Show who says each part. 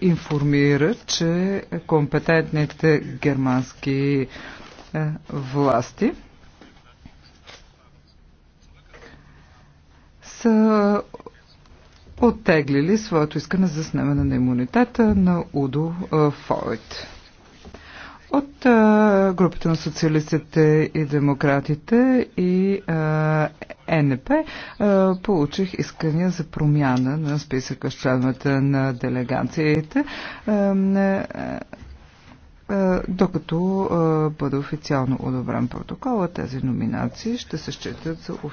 Speaker 1: информира, че компетентните германски е, власти са оттеглили своето искане за снемане на имунитета на Удо е, Фойт. От е, групата на социалистите и демократите и ЕНП е, получих искания за промяна на списъка с членовете на делегациите е, е, докато бъде официално одобрен протокола, тези номинации ще се считат за официални.